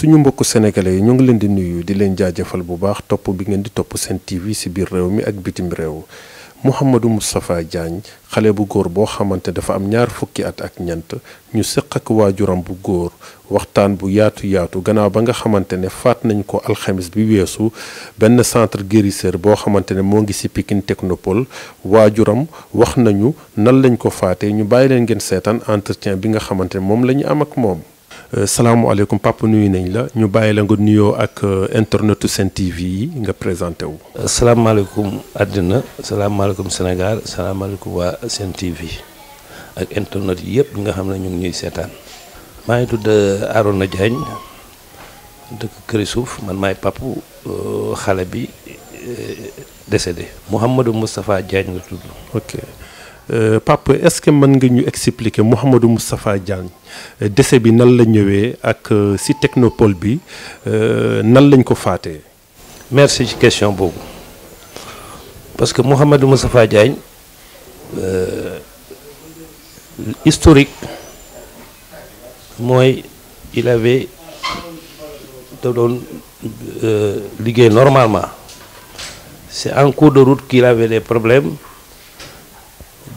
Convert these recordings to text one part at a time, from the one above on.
suñu mbokku sénégalais yi ñu ngi leen di nuyu di leen jaajafal bu baax topp bi ngeen di topp seen TV ci biir réew mi ak bitim réew Mouhamadou Moustapha Diagne xale bu góor boo xamante dafa am ñaar fukki at ak ñent ñu sëq ak waajuram bu góor waxtaan bu yaatu yaatu gannaaw ba nga xamante ne faat nañu ko alxamis bi weesu benn centre guérisseur boo xamante ne moo ngi ci Pikine Technopole waajuram wax nañu nan lañ ko faatee ñu bàyyi leen ngeen seetaan entretien bi nga xamante ne moom la ñu am ak moom. Euh, salaamualeykum papa nuyu nañ la ñu bàyyi la nga nuyoo ak euh, internetu Sen TV yi nga présenté wu. salaamaaleykum àddina salaamaaleykum Sénégal salaamaaleykum waa Sen TV ak internet yëpp nga xam ne ñu ngi ñuy seetaan. maa ngi tudd euh, Arona Diagne dëkk Këri Suuf man maay papa xale bi décédé. Mouhamadou Moustapha Diagne la tudd. ok. Euh, Papa, est-ce que vous pouvez ñu expliquer Mohamed Moustapha Diagne euh, décès bi nan la ñëwé ak euh, si technopole bi nan lañ ko fait merci ci question beaucoup. parce que Mohamed Moustapha Diagne historique il avait da normalement c'est en cours de route qu'il avait des problèmes.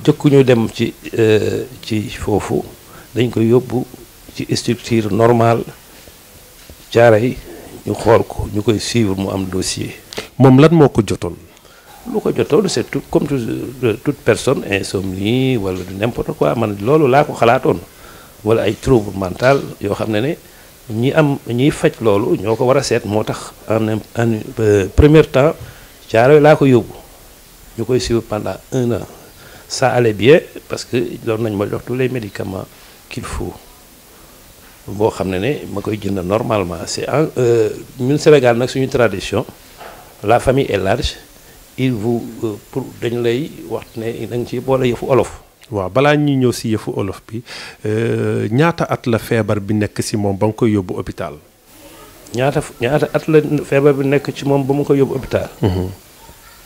jëkkuñu dem ci euh, ci foofu dañ koy yóbbu ci structure normal caara yi ñu xool ko ñu koy suivre mu am dossier. moom lan moo ko jotoon. lu ko jotoon c'est tout comme euh, toute personne insomnie wala du n'importe quoi man loolu laa ko xalaatoon wala ay trouble mental yoo xam ne ne ñi am ñiy faj loolu ñoo ko war a seet moo tax en en euh, premier temps caara laa ko yóbbu ñu koy suivre pendant un an. ça allait bien parce que doon nañ ma jox tous les médicaments qu'il faut boo xam ne ne ma normalement c'est euh, ñun Sénégal nag suñu tradition la famille est large il vous euh, pour dañu lay wax ne da nga ci boole yëfu olof wa bala ñuy ñëw si yefu olof bi euh ñaata at la fièvre bi nekk ci mom ba nga koy yóbbu hôpital ñaata ñaata at la fièvre bi nekk ci mom ba mu ko yóbbu hôpital hmm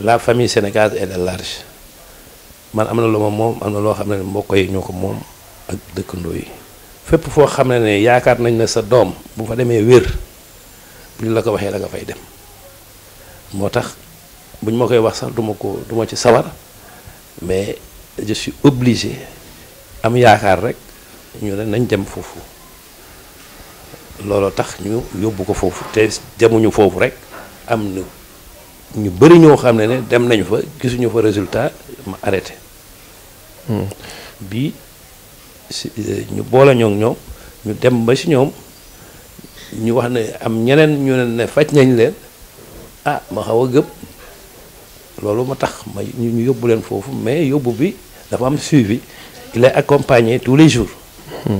la famille sénégalaise est large man am na lu ma moom am na loo xam ne mbokk yi ñoo ko moom ak dëkkandoo yi fépp foo xam ne ne yaakaar nañ ne sa doom bu fa demee wér bu ñu la ko waxee la nga fay dem moo tax bu ñu ma koy wax sax duma ko duma ci sawar mais je suis obligé am yaakaar rek ñu ne nañ dem foofu looloo tax ñu yóbbu ko foofu te demuñu foofu rek am na nous avons ñoo xamné né dem fa fa résultat ma arrêté hmm. si euh, ñu boole ñu dem ba ñu wax am ñeneen ñu nañ leen ah ma xawa a lolu ma tax ma ñu mais yobbu bi dafa am suivi il est accompagné tous les jours. Hmm.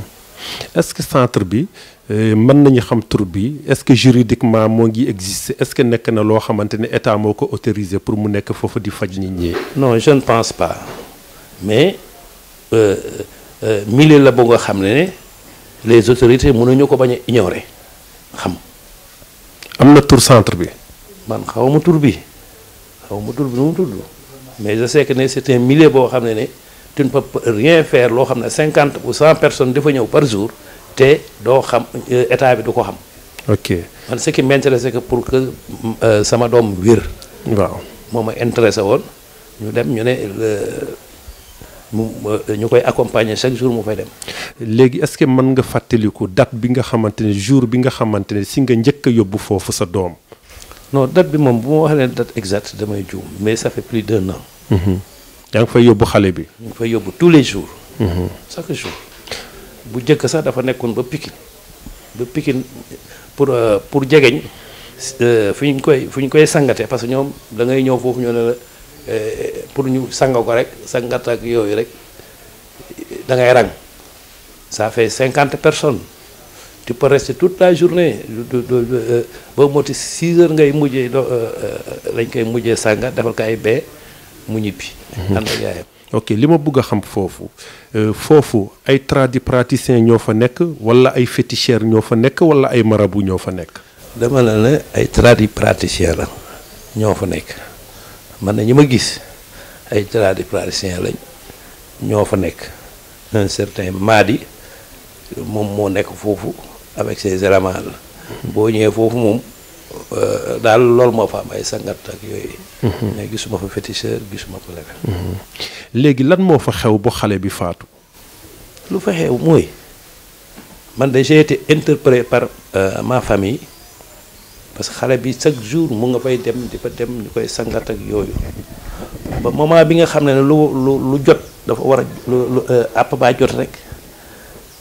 est-ce que centre bi. Eh, man nañu xam tour bi est-ce que juridiquement mo ngi exister est-ce que nek na lo xamante état moko autoriser pour mu nek fofu di faj nit ñi. non je ne pense pas mais euh, euh milieu la bo nga xam les autorités mënuñu ko bañ ignorer xam. amna tour centre bi. man xaw tour bi xaw tour bi nu mu tudd mais je sais que né c'est un milieu bo xamné ne tu ne peux rien faire lo xamné 50 ou 100 personnes defa ñëw par jour. te doo xam euh, état bi du ko xam. ok man ce qui m'intéresse que pour que euh, sama doom wér. waaw moo ma intéressé woon ñu dem ñu ne euh, mu ñu koy accompagner chaque jour mu fay dem. léegi est-ce que mën nga fàttaliku date bi nga xamante ne jour bi nga xamante ne si nga njëkk yóbbu foofu sa doom. non date bi moom bu ma waxee date exacte damay juum mais sa fait plus d'un an. Mhm. yaa ngi fay yóbbu xale bi. ñu ngi fay yóbbu tous les jours. Mhm. chaque jour. bu jëk sax dafa nekkoon ba Pikine ba Pikine pour euh, pour jégeñ euh, fuñ koy fuñ koy sangaté parce que ñoom da ngay ñow fofu ñoo ne la euh, pour ñu sang ko rek sangat ak yoy rek da ngay rang ça fait 50 personnes tu peux rester toute la journée ba moti 6 heures ngay mujjee lañ koy mujjé sangat dafa kay bé mu ñibbi. Mhm. ànd ak yaayam. ok li ma bëgg a xam foofu euh, foofu ay tradipraticiens ñoo fa nekk wala ay féticheurs ñoo fa nekk wala ay marabu ñoo fa nekk. dama la ne ay tradipraticiens la ñoo fa nekk man na ñi ma gis ay tradipraticiens lañ ñoo fa nekk un certain Madi moom moo nekk foofu avec ses éléments la mhm. boo ñëwee foofu moom. Euh, daal loolu moo fa am ay sangat ak yooyu. Mhm. mais gisuma fa féticheur gisuma ko leneen. Mhm. léegi lan moo fa xew bu xale bi faatu. lu fa xew mooy man de j'ai été interpellé par euh, ma famille parce que xale bi chaque jour mu nga fay dem di fa dem ñu koy sangat ak yooyu ba moment bi nga xam ne lu lu lu jot dafa war a lu lu euh, àpp baa jot rek.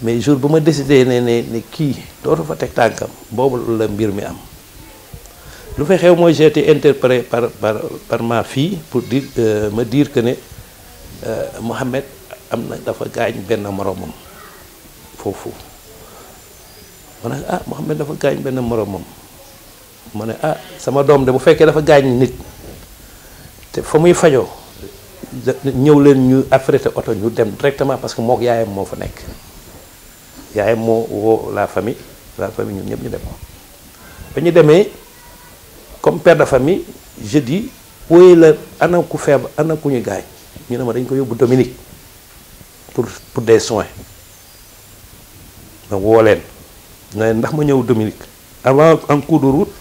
mais jour bu ma décidé ne ne ne kii dootu fa teg tànkam boobu la mbir mi am lu fa xew mooy j'ai été interpellé par par par ma fille pour dire euh, ma diir dire que ne euh, Mohamed am na dafa gaañ benn moromam foofu ma ne ah Mohamed dafa gaañ benn moromam ma ne ah sama doom de bu fekkee dafa gaañ nit te fa muy fajoo ñëw leen ñu affrété oto ñu dem directement parce que mook yaayam moo fa nekk yaayam moo woo la famille la famille ñun ñëpp ñu dem ba ñu demee. comme père de famille je dis où la ana un faible. ñu ñu dañ Dominique pour pour des soins ma na ndax ma Dominique avant un coup de route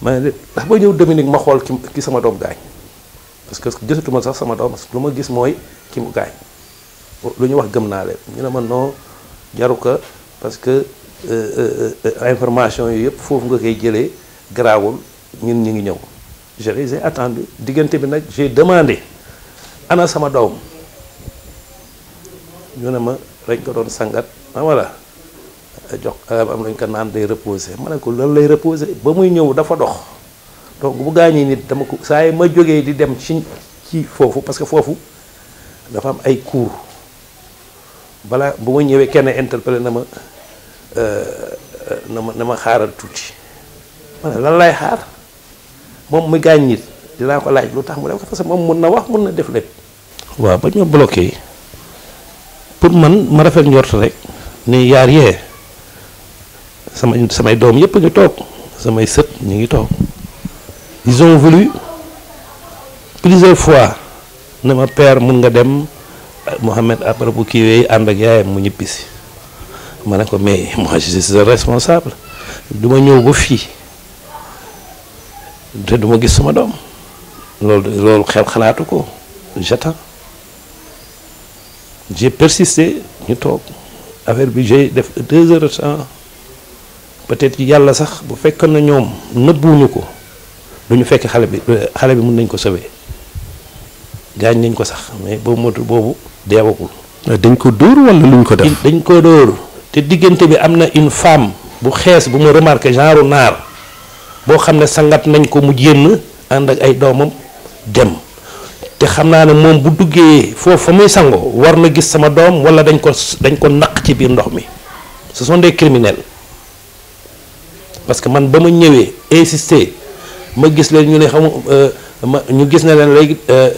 mais suis ndax ma Dominique ma qui ki sama parce que suis sax sama doom ma gis ki mu lu ñu wax ñu non parce que euh, euh, euh, information yi yëpp foofu nga ñun ñi ngi ñëw je les ai attendu bi j'ai demandé ana sama doom ñu ne ma ko doon sangat ah, jox euh, am lañ ko naan day reposer mané ko lan lay reposer ba muy ñëw dafa dox donc bu gañi nit dama ko ma joggé di dem ci parce que Je dafa am ay cours bu na ma euh, euh na ma moom muy gaañ nit dinaa ko laaj lu tax mu def ko parce que moom mun na wax mun na def lépp. waaw ba ñu bloqué pour man ma rafet njort rek ni yaar yee sama samay doom yëpp ngi toog samay sët ñu ngi toog ils ont voulu plusieurs fois ne ma per mun nga dem Mohamed après bu kiiwee ànd ak yaayam mu ñibbisi ma ne ko mais moi je suis responsable duma ñëw ba fii. te du ma gis sama doom loolu loolu xel xalaatu ko j'attends j'ai persisté ñu toog affaire bi j'ai def deux heures de temps peut-être yàlla sax bu fekk na ñoom nëbbuwuñu ko du ñu fekk xale bi xale bi mun nañ ko sauver gaañ nañ ko sax mais boobu motul boobu deewagul. Euh, dañ ko dóor wala luñ ko def. dañ ko dóor te diggante bi am na une femme bu xees bu ma remarqué genre naar. boo xam ne sangat nañ ko mu génn ànd ak ay doomam dem te xam naa ne moom bu duggee foofu fa muy sangoo war na gis sama doom wala dañ ko dañ ko naq ci biir ndox mi ce sont des criminels parce que man ba ma ñëwee insister ma gis leen ñu ne xam euh, ma ñu gis ne leen léegi euh,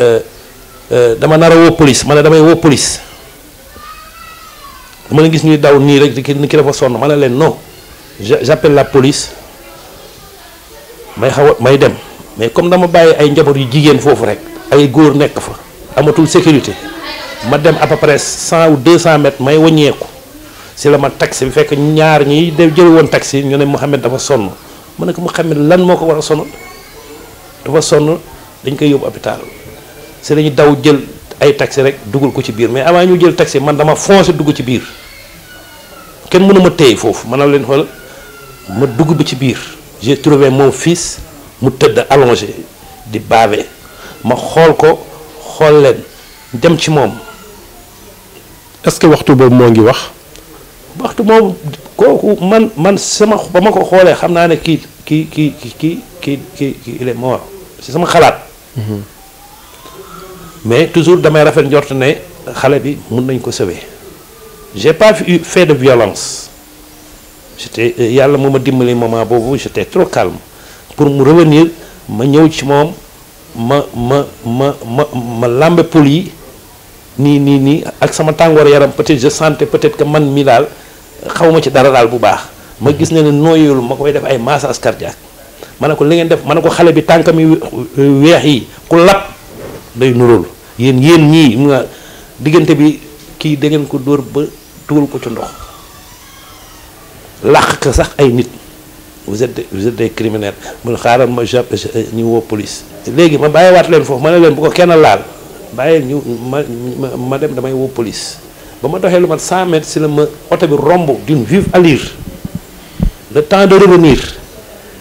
euh, dama nar a woo police ma ne damay woo police dama leen gis ñuy daw nii rek ki dafa sonn ma ne leen non j'appelle la police may xaw a may dem mais comme dama bàyyi ay njaboot yu jigéen foofu rek ay góor nekk fa amatul sécurité ma dem à peu près cent ou deux cent mètres may waññeeku si la ma taxi bi fekk ñaar ñi de jël woon taxi ñu ne Mouhamed dafa sonn ma ne ko Mouhamed lan moo ko war a sonal dafa sonn dañ koy yóbbu hôpital si lañu daw jël ay taxi rek dugal ko ci biir mais avant ñu jël taxi man dama foncé dugg ci biir kenn mënuma téye foofu ma a leen xool ma dugg bi ci biir j'ai trouvé mon fils allongé di baver. je suis ko xool est-ce que waxtu avez vu ngi wax. waxtu ça? kooku man man sama ko ne pas mort c'est sama mhm. mais toujours damay me njort ne xale bi ko Je j'ai pas fait de violence. j'étais euh, yàlla moo ma dimbali moment boobu j'étais trop calme pour mu revenir ma ñëw ci moom ma ma ma ma ma làmbe yi nii nii nii ak sama tàngoor yaram peut-être je sentais peut-être que man mi daal xaw ma ci dara daal bu baax ma gis ne ne nooyul ma koy def ay massage cardiaque ma ne ko li ngeen def ma ne ko xale bi tànkam euh, weex yi ku lap day nuróol yéen yéen ñii diggante bi kii dangeen ko dóor ba dugal ko ci ndox làq ka sax ay nit vous êtes vous des criminels mun xaaral ma ñu woo police léegi ma bàyyiwaat leen foofu ma ne leen bu ko kenn laal bàyyi ñu ma ma dem damay woo police ba ma doxee lu mat 100 mètres si la ma oto bi romb d'une vive allure le temps de revenir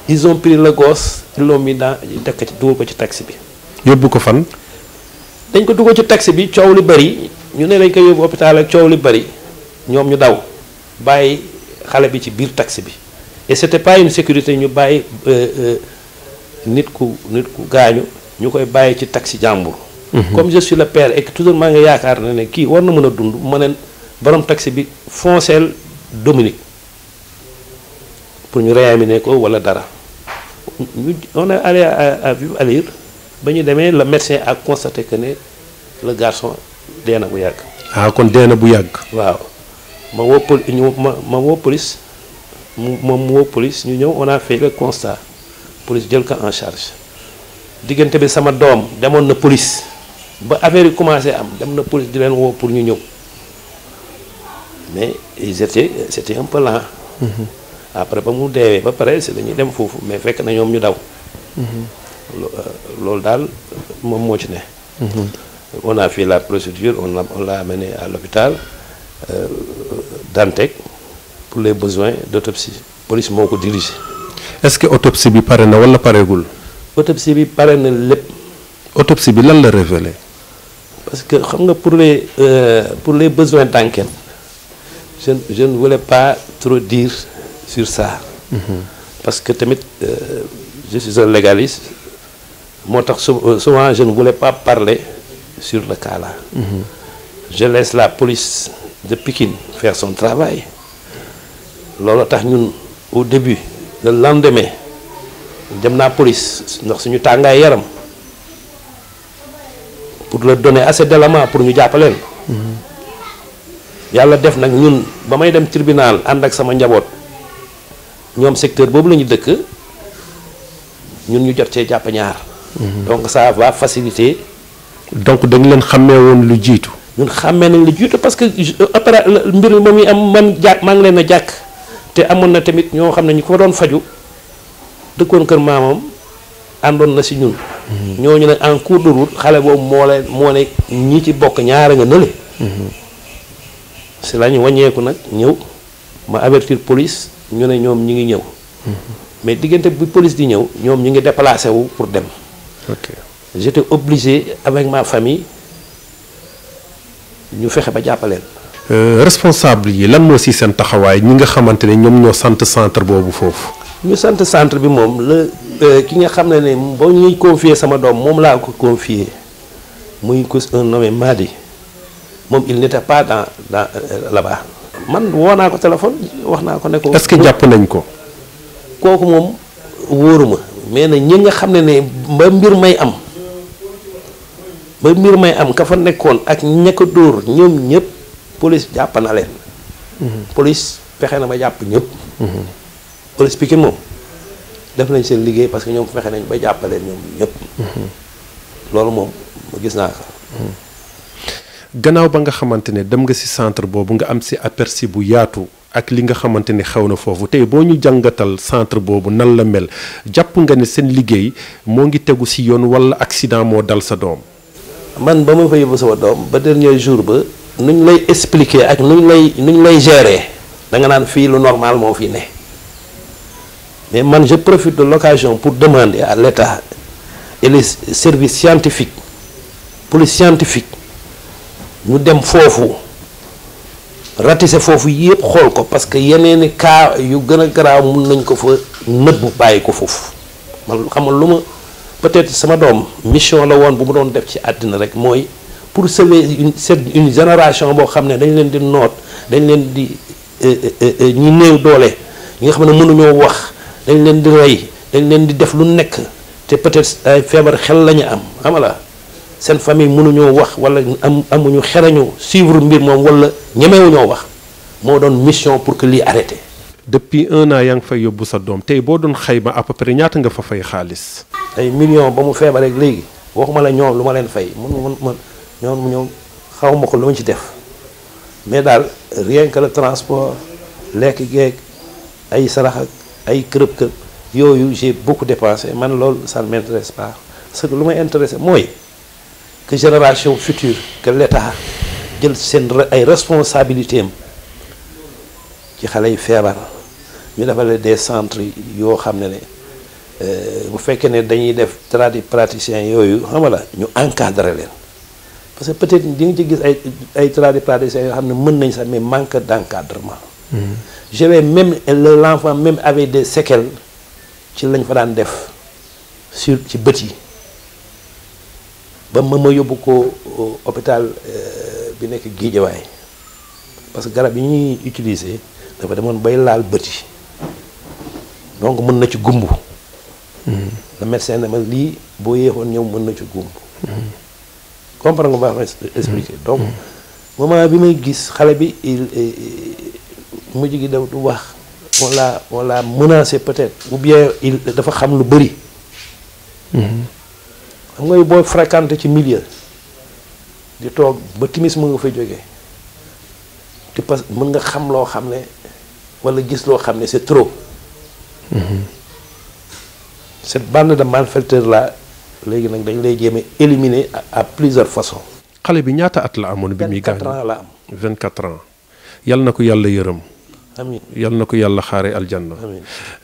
ils ont pris le gosse ils l'ont mis dans dëkk ci dugal ko ci taxi bi. yóbbu ko fan. dañ ko dugal ci taxi bi coow li bari ñu ne lañ koy yóbbu hôpital ak coow li bari ñoom ñu daw bàyyi. xalé bi ci biir taxi bi et c'était pas une sécurité ñu bàyyi euh, euh, nit ku nit ku gaañu ñu koy ci taxi jambour mhm. comme je suis le père et que toujours maa nga yaakar na né ki war na mëna dund ma borom taxi bi foncel Dominique pour ñu réanimer ko wala dara on est allé à vivre à lire ba ñu le médecin a constaté que né le garçon déna bu yag ah kon déna bu yag waaw. Je police police nous on a fait le constat police a en charge à ma sama na police ba commencé am police pour nous. mais ils étaient c'était un peu lent. Mhm. après ba ba mais on a fait la procédure on l'a amené à l'hôpital euh, Dantec pour les besoins d'autopsie la police m'a dirigé. est-ce que l'autopsie bi pare na pas pareegul. autopsie bi l'autopsie, na la révélé. parce que pour les euh, pour les besoins d'enquête je ne voulais pas trop dire sur ça. Mhm. parce que euh, je suis un légaliste moi, souvent je ne voulais pas parler sur le cas là. Mhm. je laisse la police. de Pékin faire son travail loolu tax ñun au début le lendemain dem na police ndax suñu tangay yaram pour le donner assez d'éléments pour ñu -hmm. Yalla def nak ñun ba may dem tribunal and ak sama njabot ñom secteur bobu lañu dëkk ñun ñu jot ci japp ñaar mhm. donc ça va faciliter donc dañ leen xamé won lu jitu ñun xàmmee nañ la jiitu parce que euh, opéra mbir mi muy am man jàkk maa ngi leen a jàkk te amoon na tamit ñoo xam ne ñu ko doon faju dëkkoon kër maamam àndoon na si ñun. Mm-hmm. ñooñu nag en cours de route xale boobu moo leen moo ne ñi ci bokk ñaara nga nële. Mm-hmm. si la ñu wàññeeku nag ñëw ma avertir police ñu ne ñoom ñu ngi ñëw. Mm-hmm. mais diggante bi police di ñëw ñoom ñu ngi déplacé wu pour dem. ok obligé avec ma famille ñu fexe ba jàppaleen euh, responsable yi lan moo si seen taxawaay ñi nga xamante ne ñoom ñoo sant centre boobu foofu. ñu sant centre bi moom la euh, ki nga xam ne ne ba ñuy confier sama doom moom laa ko confier muy ko un Madi moom il n'était pas euh, man woo naa ko téléphone wax naa ko ne ko. que jàpp nañ ko. kooku moom wóoruma mais na ñi nga xam ne ne ba mbir may am. ba mbir may am ka fa nekkoon ak ña ko dóor ñoom ñëpp police jàpp na leen. Mhm. police fexe na ba jàpp ñëpp. Mhm. police Pikine moom def nañ seen liggéey parce que ñoom fexe nañ ba jàppale ñoom ñëpp. Mhm. loolu moom gis naa ko. gannaaw ba nga xamante ne dem nga ci centre boobu nga am ci aperçu bu yaatu. ak li nga xamante ni xew na foofu tey boo ñu jàngatal centre boobu nan la mel jàpp nga ne seen liggéey moo ngi tegu ci yoon walla accident moo dal sa doom. man ba ma fa sama doom ba dernier jour ba nuñ lay expliquer ak nuñ lay nuñ lay gérer da nga naan fii lu normal moo fi ne mais man je profite de l'occasion pour demander à l'État et les services scientifiques police scientifique ñu dem foofu ratissé foofu yëpp xool ko parce que yeneen cas yu gën a garaaw mun nañ ko fa nëbb bàyyi ko foofu man xam nga lu ma peut-être sama dom mission la won bu mu don def ci adina rek moy pour sauver une une génération bo xamné dañ leen di note dañ leen di ñi néew doole ñi nga xam ne mënuñoo wax dañ leen di rey dañ leen di def lu nekk te peut-être ay fièvre xel lañu ñu am amala sen famille mënu ñoo wax wala am amuñu xereñu suivre mbir mom wala ñoo wax mo don mission pour que li arrêter depuis un an yang fay yóbbu sa dom tey bo doon xeyba a peu près ñaata nga fa fay xaliss ay millions ba mu feebar rek léegi waxuma la ñoom luma len fay mun ñoom ñoom xaw ma ko lu ci def mais dal rien que le transport lek geeg ay sarax ak ay kërëb kërëb yoyu j'ai beaucoup dépensé man loolu ça ne m'intéresse pas ce que luma may intéressé mooy que génération future que l'État jël sen ay responsabilités am ci xale yi feebar ñu defal des centres yo xamné ne ne euh, bu féké né dañuy def tradipraticiens praticien xam nga la ñu encadrer leen parce que peut-être di nga ci gis ay ay tradipraticiens yoo yo xamné mën nañ mais manque d'encadrement. Mm-hmm. je vais même l'enfant même avec des séquelles ci lañ fa daan def sur ci bët yi ba ma ma yóbbu ko hôpital euh, bi nekk Guédiawaye parce que garab yi ñuy utiliser. dafa demone bay laal beuti donc mën na ci hmm le médecin na ma li bo yéexoon ñëw mën na ci hmm comprendre nga baax expliquer mm-hmm. donc mama bi may gis xalé bi il mu jigi daw du wax wala wala on menacé peut-être ou bien il dafa xam lu bari mm-hmm. xam nga boo fréquenter ci milieu di tok ba timis mo nga fay joggé di pas mën nga xam lo xamné wala gis loo xam ne c'est trop cette bande de malfaiteurs là léegi nag dañ lay jéem a éliminer à plusieurs façons xale bi ñaata at la amoon bi muy gaañ la am vingt quatre ans yal na ko yàlla yërëm amiin yal na ko yàlla xaare aljanna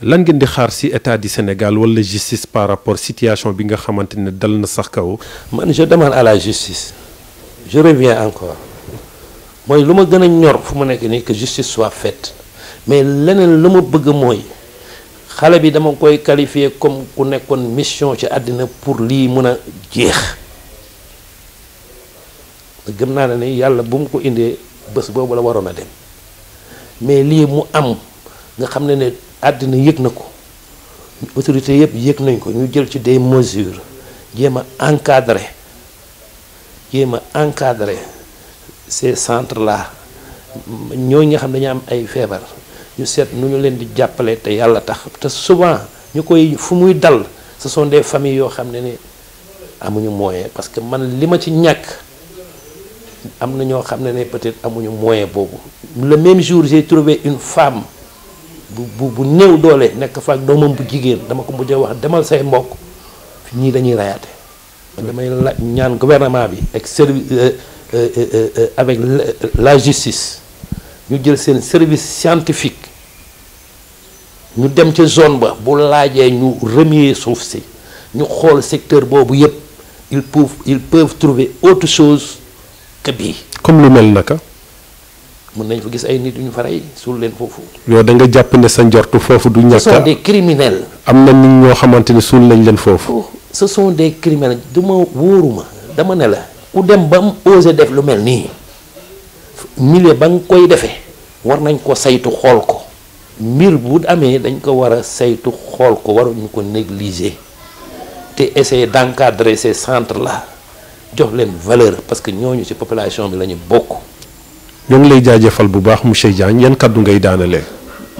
lan ngeen di xaar si état du Sénégal wala justice par rapport situation bi nga xamante ne dal na sax kaw man je demande à la justice je reviens encore mooy lu ma gën a ñor fu mu nekk nii que justice soit faite mais leneen lu ma bëgg mooy xale bi dama koy qualifier comme ku nekkoon mission ci àddina pour lii mën a jeex gëm naa ne ni yàlla bu mu ko indee bés boobu la waroon a dem mais lii mu am nga xam ne ne àddina yëg na ko autorité yëpp yëg nañ ko ñu jël ci des mesures jéem a encadrer jéem a centre ces centres là ñooñu nga xam dañu am ay feebar ñu nous nu ñu leen di les Parce tax souvent nous, fu muy dal ce sont des familles qui nous ne parce que man suis ci a que peut-être le même jour j'ai trouvé une femme bu bu bu bu dama ko wax say de dañuy la ñaan gouvernement bi ak service euh, euh, euh, avec la justice service scientifique ñu dem ci zone ba bu laajee ñu remier souf ci ñu xol secteur bobu yépp ils peuvent ils peuvent trouver autre chose que bi comme lu mel naka. mën nañ fa gis ay nit ñu fa ray sul leen fofu yo da nga japp ne sa ndortu fofu du. ñàkk ce sont des criminels. am na nit ñoo xamanteni sul suul nañ leen fofu oh, ce sont des criminels du ma wóoruma dama ne la. ku dem ba oser osé def lu mel ni milieu ba nga koy defee war nañ ko saytu xool ko. mbir bu amee dañ ko war a saytu xool ko waruñu ko négliger te essayer d'encadrer ces centre la jox leen valeur parce que ñooñu ci population bi la ñu bokk. ñoo ngi lay jaajëfal bu baax monsieur Diagne yan kàddu ngay daanalee.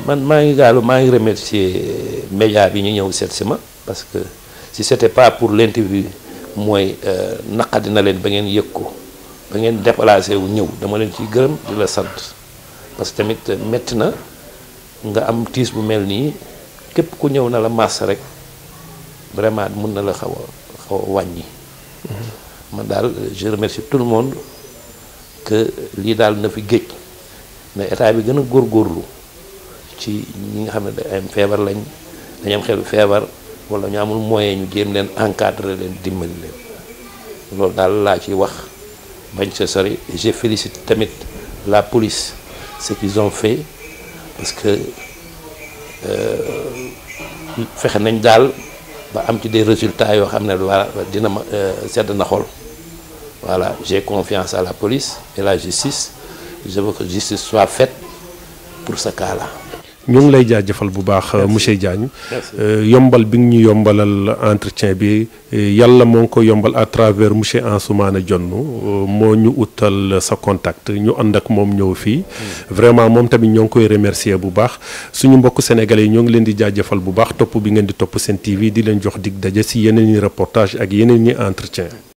man maa ngi gaalo maa ngi remercier média bi ñu ñëw seet si ma parce que si c'était pas pour l'interview mooy euh, naqadi na leen ba ngeen yëg ko ba ngeen déplacé wu ñëw dama leen ciy gërëm di la sant parce que tamit euh, métti na. nga am tiis bu mel nii képp ku ñew na la masse rek vraiment mun na la xaw a xaw a wàññi mhm. man daal je remercie tout le monde que li dal na fi gej na état bi gëna gor gorlu ci ñi nga xamne ay feebar lañ dañ am xel feebar wala ñu amul moyen ñu gën len encadrer len dimbali len lool dal la ci wax bañ sa sori je félicite tamit la police ce qu'ils ont fait parce que je euh, nañ dal ba am ci des résultats yo xamné ne dina ma euh, na xol voilà j'ai confiance à la police et la justice je veux que justice soit faite pour ce cas-là ñoo ngi lay jaajëfal bu baax monsieur Diagne euh, yombal bi nga ñu yombalal entretien bi yàlla moo ngi ko yombal à travers monsieur Ansoumana jonn euh, moo ñu utal sa contact ñu ànd ak moom ñëw fii hmm. vraiment moom tamit ñoo ngi koy remercier bu baax suñu mbokk sénégalais yi ñoo ngi leen di jaajëfal bu baax topp bi ngeen di topp seen TV di leen jox dig daje si yeneen i reportage ak yeneen ñi entretien